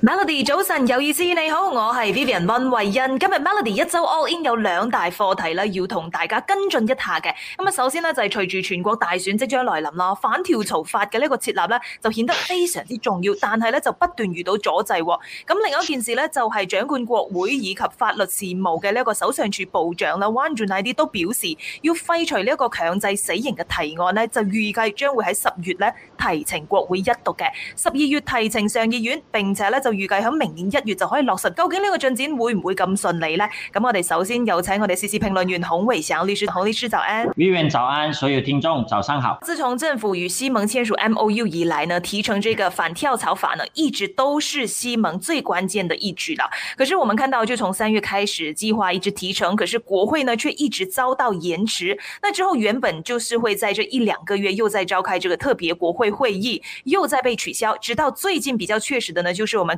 Melody 早晨，有意思，你好，我係 Vivian 溫慧欣。今日 Melody 一周 All In 有兩大課題咧，要同大家跟進一下嘅。咁啊，首先咧就係隨住全國大選即將來臨咯，反跳槽法嘅呢個設立咧就顯得非常之重要，但係咧就不斷遇到阻滯。咁另一件事咧就係掌管國會以及法律事務嘅呢一個首相署部長啦 Wan Junaidi 都表示要廢除呢一個強制死刑嘅提案咧，就預計將會喺十月咧提呈國會一讀嘅，十二月提呈上議院，並且咧就預計喺明年一月就可以落實，究竟呢個進展會唔會咁順利呢？咁我哋首先有請我哋 CC、評論員洪偉祥律師，洪律師早安。早安，所有聽眾早上好。自從政府與希盟簽署 MOU 以來呢，提呈這個反跳槽法呢，一直都是希盟最關鍵的一舉啦。可是我們看到就從三月開始計劃一直提呈，可是國會呢卻一直遭到延遲。那之後原本就是會在這一兩個月又再召開這個特別國會會議，又再被取消，直到最近比較確實的呢，就是我們。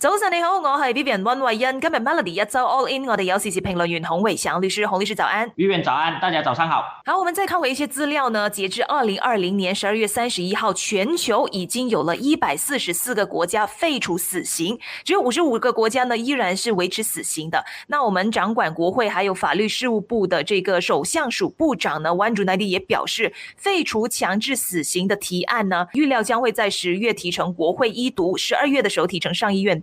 早上你好，我係 Vivian 溫慧欣，今日 Melody 一周 All In，我哋有時事評論員洪偉祥，祥律師，洪律師早安。Vivian 早安，大家早上好。好，我們再看回一些資料呢，截至二零二零年十二月三十一號，全球已經有了一百四十四個國家廢除死刑，只有五十五個國家呢依然是維持死刑的。那我們掌管國會還有法律事務部的這個首相署部長呢，溫祖奈迪也表示，廢除強制死刑的提案呢，預料將會在十月提呈國會一讀，十二月的時候提呈上議院。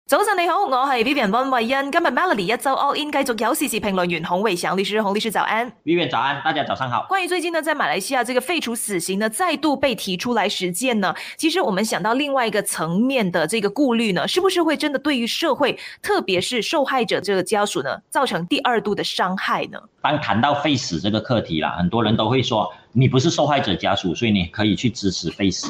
早晨你好，我 Vivian Von Wien，係 Vivian 溫慧欣，今日 Melody 一周 All In 繼續有時事評論員洪偉祥律師，洪律師早安。Vivian 早安，大家早上好。關於最近呢，在馬來西亞這個廢除死刑呢，再度被提出來實踐呢，其實我們想到另外一個層面的這個顧慮呢，是不是會真的對於社會，特別是受害者這個家屬呢，造成第二度的傷害呢？當談到廢死這個課題啦，很多人都會說，你不是受害者家屬，所以你可以去支持廢死。